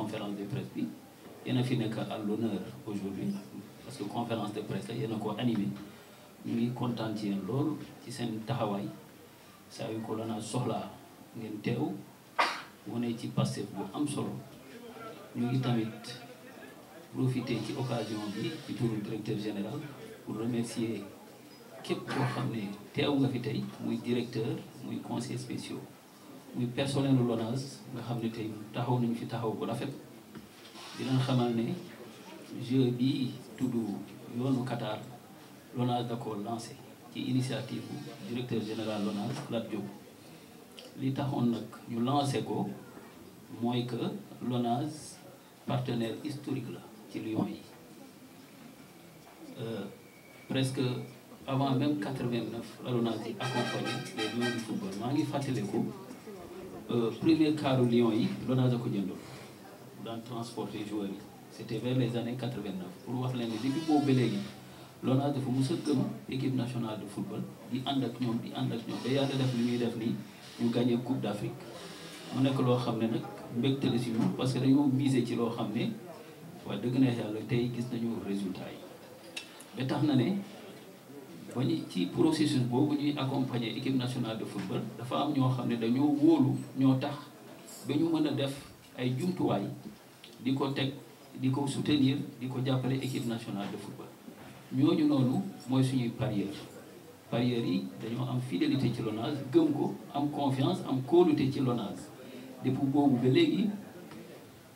conférence de presse bi yéen a fi nekk à l'honneur aujourd'hui parce que conférence de presse la yéen a ko animé ñu ngi kontaan ci yéen lool ci seen taxawaay saa yu ko lanaa soxlaa ngeen teew wane ci Pastef bu am solo ñu ngi tamit profité ci occasion bi ci turu directeur général pour remercier képp koo xam ne teew nga fi tey muy directeur muy conseil spéciaux ñu personnel lu LONASE nga xam ne tey taxaw nañu fi taxaw bu rafet di leen xamal ne jeu bi tudd yoonu Qatar LONASE da ko lancé ci initiative directeur général LONASE Lat Diop li taxoon nag ñu lancé ko mooy que LONASE partenaire historique la ci lion yi euh, presque avant même 89 la LONASE di accompagné les Lions du football maa ngi fàttaliku Euh, premier caru Lions yi Lonase a ko jëndoon daan transporter joueurs yi c' était vers les années 89 pour wax leen ne depuis boobu ba léegi Lonase dafa mos a gëm équipe nationale de football di ànd ak ñoom di ànd ak ñoom da yàlla def li ñuy def nii ñu gagné coupe d' Afrique mu nekk loo xam ne nag mbégte la parce que dañoo misé ci loo xam ne wax dëgg na yàlla tey gis nañu résultat yi ba tax na ne. ba ñu ci processus boobu ñuy accompagner équipe nationale de football dafa am ñoo xam ne dañoo wóolu ñoo tax ba ñu mën a def ay jumtuwaay di ko teg di ko soutenir di ko jàppale équipe nationale de football. ñooñu noonu mooy suñuy parieur parieurs yi dañoo am fidélité ci LONASE gëm ko am confiance am kóolute ci LONASE depuis boobu ba léegi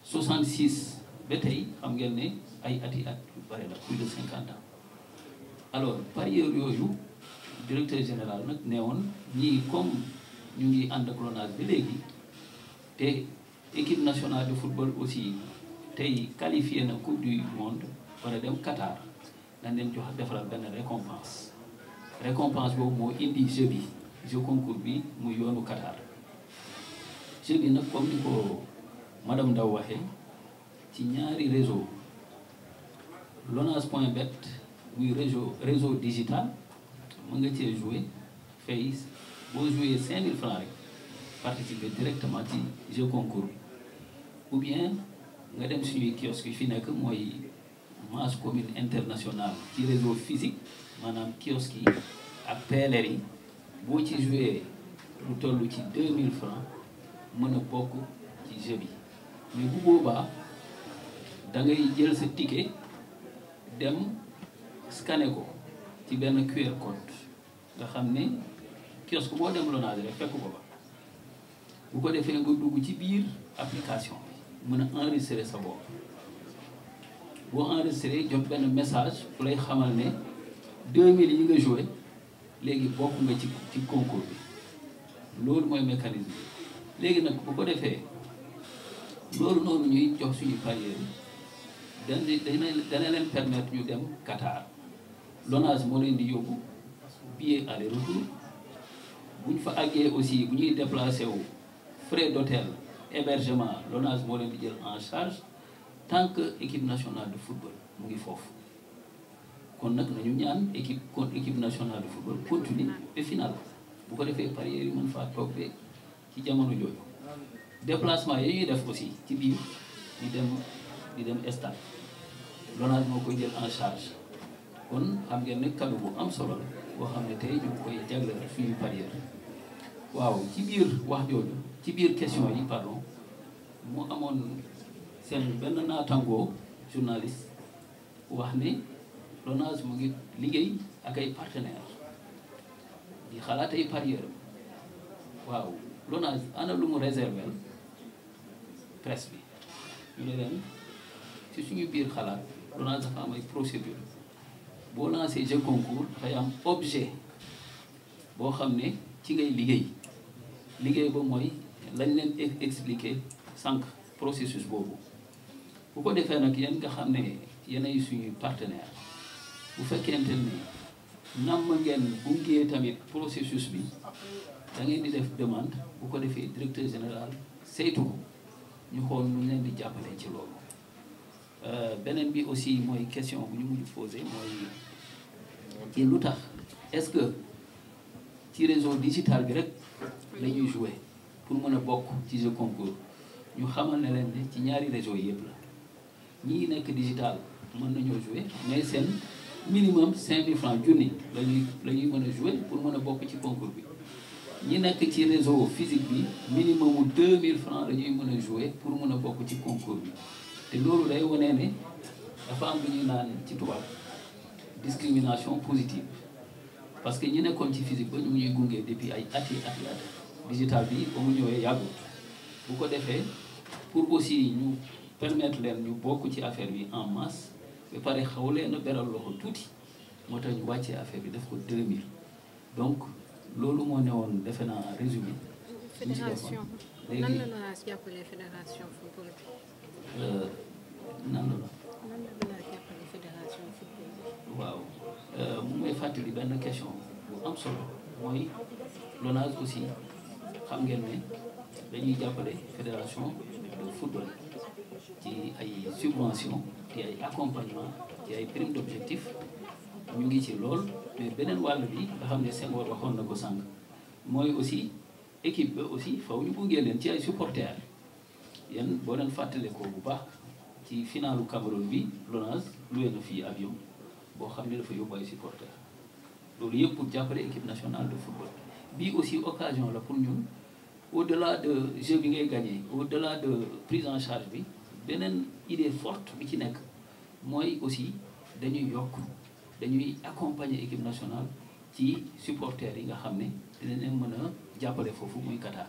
66 ba tey xam ngeen ay ati at yu bare la plus de 50 ans. alors parieur yooyu directeur général nag nee woon ñii comme ñu ngi ànd ak bi léegi te équipe nationale de football aussi tey qualifié na coupe du monde war dem Qatar dañ leen jox defaral benn récompense récompense boobu moo indi jeu bi jeu concours bi mu yoonu Qatar jeu bi nag comme ni ko madame Ndaw waxee ci ñaari réseau Lonase point bet muy réseau réseau digital mu nga cee jouer fay boo jouer 5000 francs rek participer directement ci jeu concours bi ou bien nga dem si kiosque yi fi nekk mooy masse commune internationale ci réseau physique maanaam kiosque yi ak PLR yi boo ci jouer lu toll ci 2000 francs mën a bokk ci jeu bi mais bu boobaa da ngay jël sa ticket dem. scanné ko ci benn QR code nga xam ne kiosque boo dem Lonase rek fekk ko ba bu ko defee nga dugg ci biir application bi mën a enregistré sa bopp boo enregistré jot benn message fu lay xamal ne 2000 yi nga joué léegi bokk nga ci ci concours bi loolu mooy mécanisme bi léegi nag bu ko defee loolu noonu ñuy jox suñu parieur dana dana leen permettre ñu dem Qatar Lonase moo leen di yóbbu billet aller retour bu ñu fa àggee aussi bu ñuy déplacé wu frais d'hôtel hébergement Lonase moo leen di jël en charge tant que équipe nationale de football mu ngi foofu kon nag ñu ñaan équipe kon équipe nationale de football bi ba final bu ko defee parieurs yi mën faa toog ba ci jamono jooju déplacement yi ñuy def aussi ci biir di dem di dem stade Lonase moo koy jël en charge kon xam ngeen ne cadeau bu am solo la boo xam ne tey ñu ngi koy jagleel suñu parieur waaw ci biir wax jooju ci biir question yi pardon mu amoon seen benn naatangoo journaliste wax ni Lonase mu ngi liggéey ak ay partenaires di xalaat ay parieur waaw Lonase ana lu mu réserver presse bi ñu ne leen ci suñu biir xalaat Lonase dafa am procédure boo lancé jeu concours dafay am objet boo xam ne ci ngay liggéey liggéey ba mooy lañ leen e-, expliquer sànq processus boobu bu ko defee nag yéen nga xam ne yéenay suñuy partenaire bu fekkente ne namm ngeen bungee tamit processus bi da ngeen di def demande bu ko defee directeur général saytu ko ñu xool nu leen di jàppale ci loolu beneen bi aussi mooy question bu ñu mujj posé mooy ci lu tax est-ce que ci réseau digital bi rek la ñuy joué pour mën a bokk ci jeu concours ñu xamal ne leen ne ci ñaari réseau yëpp la ñii nekk digital mën nañoo joue mais seen minimum 5000 francs junni la ñuy la ñuy mën a joué pour mën a bokk ci concours bi ñi nekk ci réseau physique bi minimum mille francs la ñuy mën a joué pour mën a bokk ci concours bi te loolu day wane ne dafa am lu ñuy naan ci tubaab discrimination positive parce que ñi nekkoon ci physique ba ñu ñuy gunge depuis ay at yi at yi at digital bi ba mu ñëwee yàggut bu ko defee pour aussi ñu permettre leen ñu bokk ci affaire bi en masse ba pare xaw leen a beral loxo tuuti moo tax ñu wàccee affaire bi def ko 2000 donc loolu moo newoon defe naa résumé. fédération nan la la bi. Euh, nan la waaw euh, mu may fàttali benn question bu am solo mooy LONASE aussi xam ngeen ne dañuy jàppale fédération de football ci ay subvention ci ay accompagnement ci ay prime d'objectif ñu ngi ci lool mais beneen wàll bi nga xam ne Senghor waxoon na ko sànq mooy aussi équipe ba aussi faw ñu gunge leen ci ay supporters yan boo leen fàttalee ko bu baax ci finalu Cameroun bi LONASE loué na fii avion boo xam ne dafa yóbbu ay supporters loolu yëpp pour jàppale équipe nationale de football bii aussi occasion la pour ñu au la de jeu bi ngay gagné au-delà de prise en charge bi beneen idée forte bi ci nekk mooy aussi dañuy yokk dañuy accompagner équipe nationale ci supporters yi nga xam ne dinañ leen mën a jàppale foofu muy Qatar.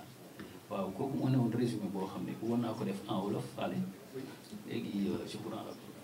waaw kooku moo newoon résumé boo xam ne bëggoon naa ko def en wolof allez léegi je vous en rappelle